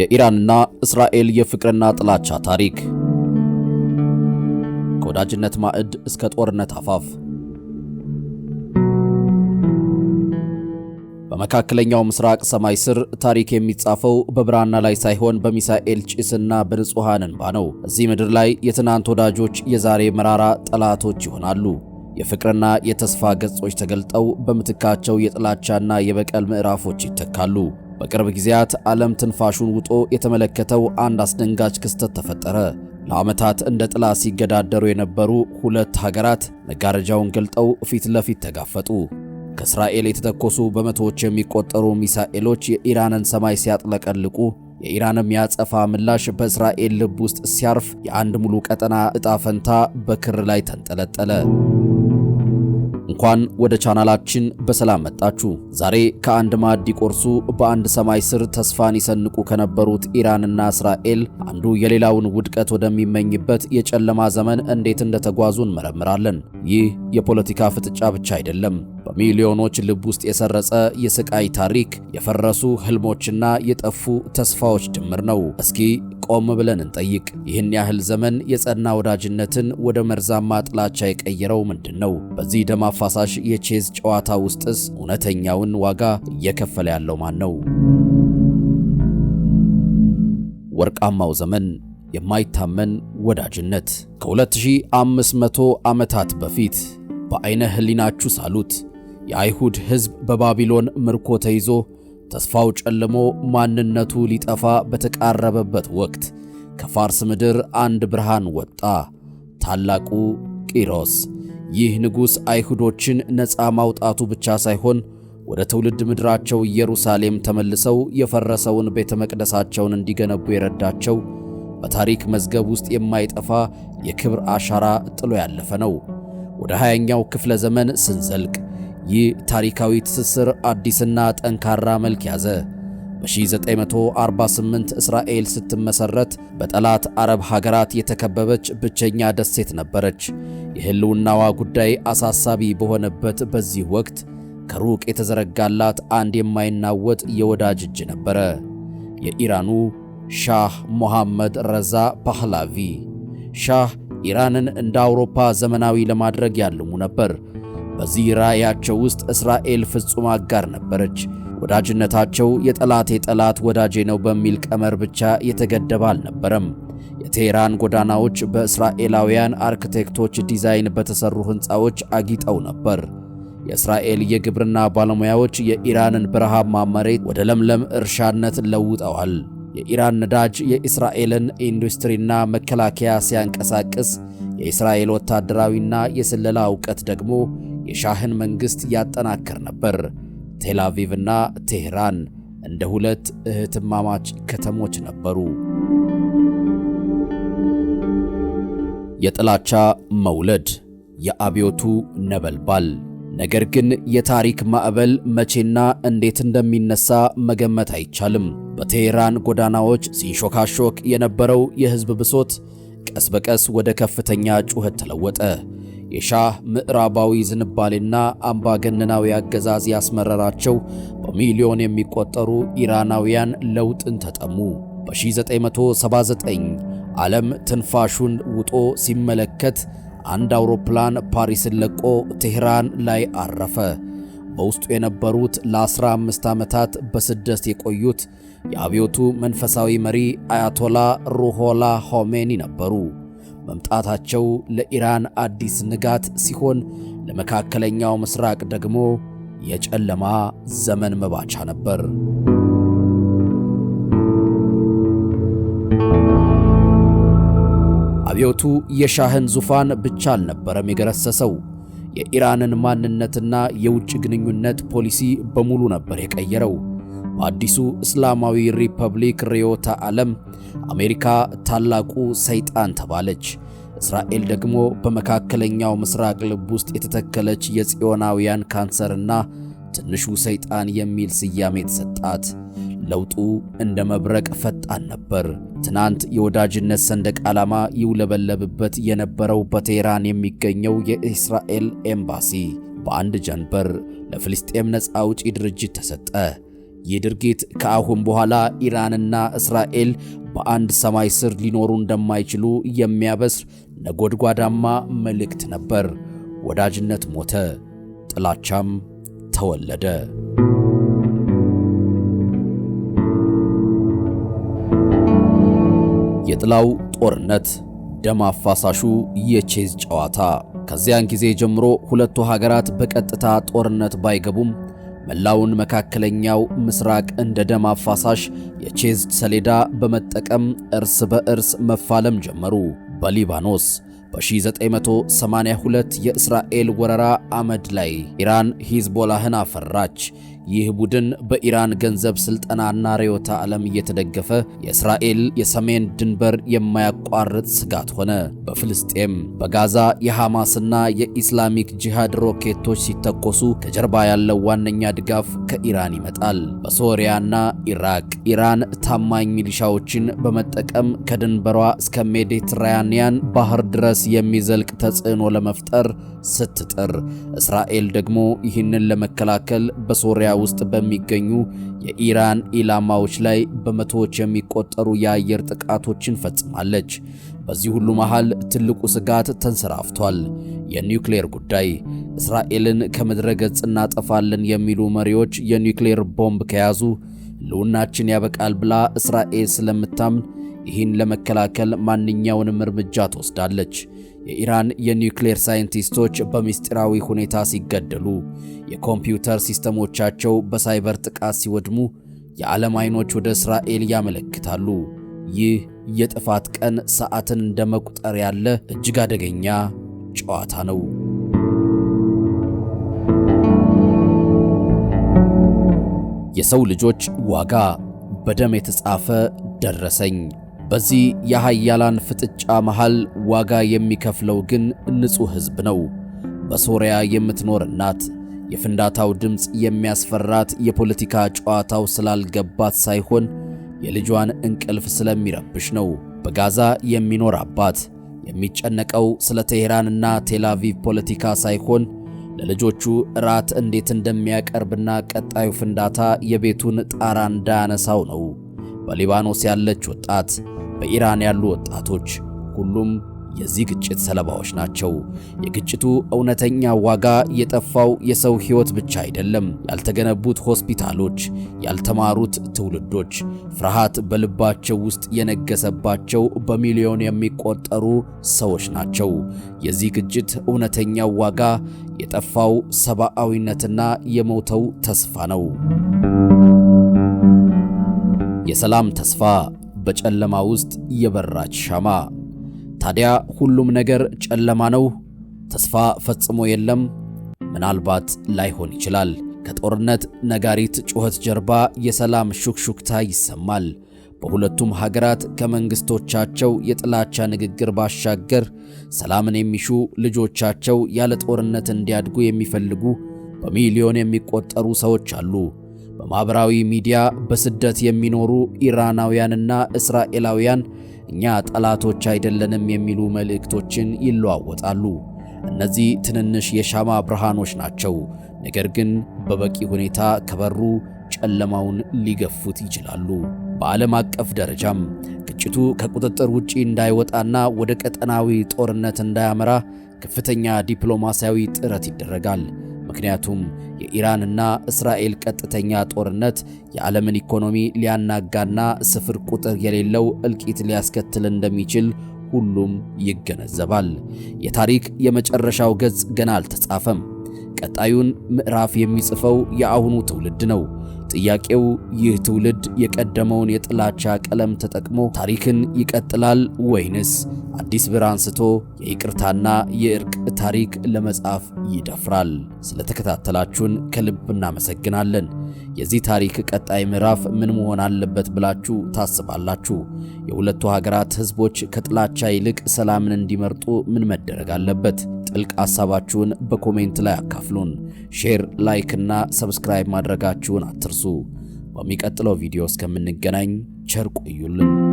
የኢራንና እስራኤል የፍቅርና ጥላቻ ታሪክ ከወዳጅነት ማዕድ እስከ ጦርነት አፋፍ። በመካከለኛው ምስራቅ ሰማይ ስር ታሪክ የሚጻፈው በብራና ላይ ሳይሆን በሚሳኤል ጭስና በንጹሐን እንባ ነው። እዚህ ምድር ላይ የትናንት ወዳጆች የዛሬ መራራ ጠላቶች ይሆናሉ። የፍቅርና የተስፋ ገጾች ተገልጠው በምትካቸው የጥላቻና የበቀል ምዕራፎች ይተካሉ። በቅርብ ጊዜያት ዓለም ትንፋሹን ውጦ የተመለከተው አንድ አስደንጋጭ ክስተት ተፈጠረ። ለዓመታት እንደ ጥላ ሲገዳደሩ የነበሩ ሁለት ሀገራት መጋረጃውን ገልጠው ፊት ለፊት ተጋፈጡ። ከእስራኤል የተተኮሱ በመቶዎች የሚቆጠሩ ሚሳኤሎች የኢራንን ሰማይ ሲያጥለቀልቁ፣ የኢራንም የአጸፋ ምላሽ በእስራኤል ልብ ውስጥ ሲያርፍ፣ የአንድ ሙሉ ቀጠና ዕጣ ፈንታ በክር ላይ ተንጠለጠለ። እንኳን ወደ ቻናላችን በሰላም መጣችሁ። ዛሬ ከአንድ ማዕድ ይቆርሱ በአንድ ሰማይ ስር ተስፋን ይሰንቁ ከነበሩት ኢራንና እስራኤል አንዱ የሌላውን ውድቀት ወደሚመኝበት የጨለማ ዘመን እንዴት እንደተጓዙ እንመረምራለን። ይህ የፖለቲካ ፍጥጫ ብቻ አይደለም። በሚሊዮኖች ልብ ውስጥ የሰረጸ የስቃይ ታሪክ፣ የፈረሱ ህልሞችና የጠፉ ተስፋዎች ድምር ነው። እስኪ ቆም ብለን እንጠይቅ። ይህን ያህል ዘመን የጸና ወዳጅነትን ወደ መርዛማ ጥላቻ የቀየረው ምንድን ነው? በዚህ ደም አፋሳሽ የቼዝ ጨዋታ ውስጥስ እውነተኛውን ዋጋ እየከፈለ ያለው ማን ነው? ወርቃማው ዘመን የማይታመን ወዳጅነት ከ2500 ዓመታት በፊት በአይነ ህሊናችሁ ሳሉት የአይሁድ ሕዝብ በባቢሎን ምርኮ ተይዞ ተስፋው ጨልሞ ማንነቱ ሊጠፋ በተቃረበበት ወቅት ከፋርስ ምድር አንድ ብርሃን ወጣ፣ ታላቁ ቂሮስ። ይህ ንጉሥ አይሁዶችን ነፃ ማውጣቱ ብቻ ሳይሆን ወደ ትውልድ ምድራቸው ኢየሩሳሌም ተመልሰው የፈረሰውን ቤተ መቅደሳቸውን እንዲገነቡ የረዳቸው በታሪክ መዝገብ ውስጥ የማይጠፋ የክብር አሻራ ጥሎ ያለፈ ነው። ወደ 20ኛው ክፍለ ዘመን ስንዘልቅ ይህ ታሪካዊ ትስስር አዲስና ጠንካራ መልክ ያዘ። በ1948 እስራኤል ስትመሠረት በጠላት አረብ ሀገራት የተከበበች ብቸኛ ደሴት ነበረች። የህልውናዋ ጉዳይ አሳሳቢ በሆነበት በዚህ ወቅት ከሩቅ የተዘረጋላት አንድ የማይናወጥ የወዳጅ እጅ ነበረ። የኢራኑ ሻህ ሞሐመድ ረዛ ፓህላቪ። ሻህ ኢራንን እንደ አውሮፓ ዘመናዊ ለማድረግ ያልሙ ነበር። በዚህ ራእያቸው ውስጥ እስራኤል ፍጹም አጋር ነበረች። ወዳጅነታቸው የጠላቴ ጠላት ወዳጄ ነው በሚል ቀመር ብቻ የተገደበ አልነበረም። የቴህራን ጎዳናዎች በእስራኤላውያን አርክቴክቶች ዲዛይን በተሰሩ ሕንፃዎች አጊጠው ነበር። የእስራኤል የግብርና ባለሙያዎች የኢራንን በረሃማ መሬት ወደ ለምለም እርሻነት ለውጠዋል። የኢራን ነዳጅ የእስራኤልን ኢንዱስትሪና መከላከያ ሲያንቀሳቅስ፣ የእስራኤል ወታደራዊና የስለላ ዕውቀት ደግሞ የሻህን መንግሥት ያጠናክር ነበር። ቴላቪቭና ቴህራን እንደ ሁለት እህትማማች ከተሞች ነበሩ። የጥላቻ መውለድ የአብዮቱ ነበልባል። ነገር ግን የታሪክ ማዕበል መቼና እንዴት እንደሚነሳ መገመት አይቻልም። በቴህራን ጎዳናዎች ሲንሾካሾክ የነበረው የሕዝብ ብሶት ቀስ በቀስ ወደ ከፍተኛ ጩኸት ተለወጠ። የሻህ ምዕራባዊ ዝንባሌና አምባገነናዊ አገዛዝ ያስመረራቸው በሚሊዮን የሚቆጠሩ ኢራናውያን ለውጥን ተጠሙ። በ1979 ዓለም ትንፋሹን ውጦ ሲመለከት አንድ አውሮፕላን ፓሪስን ለቆ ቴህራን ላይ አረፈ። በውስጡ የነበሩት ለ15 ዓመታት በስደት የቆዩት የአብዮቱ መንፈሳዊ መሪ አያቶላ ሩሆላ ሆሜኒ ነበሩ። መምጣታቸው ለኢራን አዲስ ንጋት ሲሆን ለመካከለኛው ምስራቅ ደግሞ የጨለማ ዘመን መባቻ ነበር። አብዮቱ የሻህን ዙፋን ብቻ አልነበረም የገረሰሰው፣ የኢራንን ማንነትና የውጭ ግንኙነት ፖሊሲ በሙሉ ነበር የቀየረው። በአዲሱ እስላማዊ ሪፐብሊክ ርዕዮተ ዓለም አሜሪካ ታላቁ ሰይጣን ተባለች። እስራኤል ደግሞ በመካከለኛው ምስራቅ ልብ ውስጥ የተተከለች የጽዮናውያን ካንሰርና ትንሹ ሰይጣን የሚል ስያሜ የተሰጣት። ለውጡ እንደ መብረቅ ፈጣን ነበር። ትናንት የወዳጅነት ሰንደቅ ዓላማ ይውለበለብበት የነበረው በቴህራን የሚገኘው የእስራኤል ኤምባሲ በአንድ ጀንበር ለፍልስጤም ነፃ አውጪ ድርጅት ተሰጠ። ይህ ድርጊት ከአሁን በኋላ ኢራንና እስራኤል በአንድ ሰማይ ስር ሊኖሩ እንደማይችሉ የሚያበስር ነጎድጓዳማ መልእክት ነበር። ወዳጅነት ሞተ፣ ጥላቻም ተወለደ። የጥላው ጦርነት፣ ደም አፋሳሹ የቼዝ ጨዋታ። ከዚያን ጊዜ ጀምሮ ሁለቱ ሀገራት በቀጥታ ጦርነት ባይገቡም መላውን መካከለኛው ምስራቅ እንደ ደም አፋሳሽ የቼዝ ሰሌዳ በመጠቀም እርስ በእርስ መፋለም ጀመሩ። በሊባኖስ በ1982 የእስራኤል ወረራ አመድ ላይ ኢራን ሂዝቦላህን አፈራች። ይህ ቡድን በኢራን ገንዘብ ስልጠናና ርዕዮተ ዓለም እየተደገፈ የእስራኤል የሰሜን ድንበር የማያቋርጥ ስጋት ሆነ። በፍልስጤም በጋዛ የሐማስና የኢስላሚክ ጂሃድ ሮኬቶች ሲተኮሱ ከጀርባ ያለው ዋነኛ ድጋፍ ከኢራን ይመጣል። በሶሪያና ኢራቅ ኢራን ታማኝ ሚሊሻዎችን በመጠቀም ከድንበሯ እስከ ሜዲትራኒያን ባህር ድረስ የሚዘልቅ ተጽዕኖ ለመፍጠር ስትጥር፣ እስራኤል ደግሞ ይህንን ለመከላከል በሶሪያ ሶሪያ ውስጥ በሚገኙ የኢራን ኢላማዎች ላይ በመቶዎች የሚቆጠሩ የአየር ጥቃቶችን ፈጽማለች። በዚህ ሁሉ መሃል ትልቁ ስጋት ተንሰራፍቷል፤ የኒውክሌር ጉዳይ። እስራኤልን ከምድረ ገጽ እናጠፋለን የሚሉ መሪዎች የኒውክሌር ቦምብ ከያዙ ልውናችን ያበቃል ብላ እስራኤል ስለምታምን ይህን ለመከላከል ማንኛውንም እርምጃ ትወስዳለች። የኢራን የኒውክሌር ሳይንቲስቶች በምስጢራዊ ሁኔታ ሲገደሉ፣ የኮምፒውተር ሲስተሞቻቸው በሳይበር ጥቃት ሲወድሙ የዓለም አይኖች ወደ እስራኤል ያመለክታሉ። ይህ የጥፋት ቀን ሰዓትን እንደ መቁጠር ያለ እጅግ አደገኛ ጨዋታ ነው። የሰው ልጆች ዋጋ በደም የተጻፈ ደረሰኝ በዚህ የሃያላን ፍጥጫ መሃል ዋጋ የሚከፍለው ግን ንጹሕ ሕዝብ ነው። በሶሪያ የምትኖር እናት የፍንዳታው ድምፅ የሚያስፈራት የፖለቲካ ጨዋታው ስላልገባት ሳይሆን የልጇን እንቅልፍ ስለሚረብሽ ነው። በጋዛ የሚኖር አባት የሚጨነቀው ስለ ቴሄራንና ቴላቪቭ ፖለቲካ ሳይሆን ለልጆቹ ራት እንዴት እንደሚያቀርብና ቀጣዩ ፍንዳታ የቤቱን ጣራ እንዳያነሳው ነው። በሊባኖስ ያለች ወጣት በኢራን ያሉ ወጣቶች ሁሉም የዚህ ግጭት ሰለባዎች ናቸው። የግጭቱ እውነተኛ ዋጋ የጠፋው የሰው ሕይወት ብቻ አይደለም፤ ያልተገነቡት ሆስፒታሎች፣ ያልተማሩት ትውልዶች፣ ፍርሃት በልባቸው ውስጥ የነገሰባቸው በሚሊዮን የሚቆጠሩ ሰዎች ናቸው። የዚህ ግጭት እውነተኛው ዋጋ የጠፋው ሰብአዊነትና የሞተው ተስፋ ነው። የሰላም ተስፋ በጨለማ ውስጥ የበራች ሻማ። ታዲያ ሁሉም ነገር ጨለማ ነው፣ ተስፋ ፈጽሞ የለም፣ ምናልባት ላይሆን ይችላል። ከጦርነት ነጋሪት ጩኸት ጀርባ የሰላም ሹክሹክታ ይሰማል። በሁለቱም ሀገራት ከመንግስቶቻቸው የጥላቻ ንግግር ባሻገር ሰላምን የሚሹ ልጆቻቸው ያለ ጦርነት እንዲያድጉ የሚፈልጉ በሚሊዮን የሚቆጠሩ ሰዎች አሉ። በማኅበራዊ ሚዲያ በስደት የሚኖሩ ኢራናውያንና እስራኤላውያን እኛ ጠላቶች አይደለንም የሚሉ መልእክቶችን ይለዋወጣሉ። እነዚህ ትንንሽ የሻማ ብርሃኖች ናቸው፣ ነገር ግን በበቂ ሁኔታ ከበሩ ጨለማውን ሊገፉት ይችላሉ። በዓለም አቀፍ ደረጃም ግጭቱ ከቁጥጥር ውጪ እንዳይወጣና ወደ ቀጠናዊ ጦርነት እንዳያመራ ከፍተኛ ዲፕሎማሲያዊ ጥረት ይደረጋል። ምክንያቱም የኢራንና እስራኤል ቀጥተኛ ጦርነት የዓለምን ኢኮኖሚ ሊያናጋና ስፍር ቁጥር የሌለው እልቂት ሊያስከትል እንደሚችል ሁሉም ይገነዘባል። የታሪክ የመጨረሻው ገጽ ገና አልተጻፈም። ቀጣዩን ምዕራፍ የሚጽፈው የአሁኑ ትውልድ ነው። ጥያቄው ይህ ትውልድ የቀደመውን የጥላቻ ቀለም ተጠቅሞ ታሪክን ይቀጥላል ወይንስ አዲስ ብር አንስቶ የይቅርታና የእርቅ ታሪክ ለመጻፍ ይደፍራል? ስለተከታተላችሁን ከልብ እናመሰግናለን። የዚህ ታሪክ ቀጣይ ምዕራፍ ምን መሆን አለበት ብላችሁ ታስባላችሁ? የሁለቱ ሀገራት ሕዝቦች ከጥላቻ ይልቅ ሰላምን እንዲመርጡ ምን መደረግ አለበት? ጥልቅ ሐሳባችሁን በኮሜንት ላይ አካፍሉን። ሼር፣ ላይክ እና ሰብስክራይብ ማድረጋችሁን አትርሱ። በሚቀጥለው ቪዲዮ እስከምንገናኝ ቸር ቆዩልን።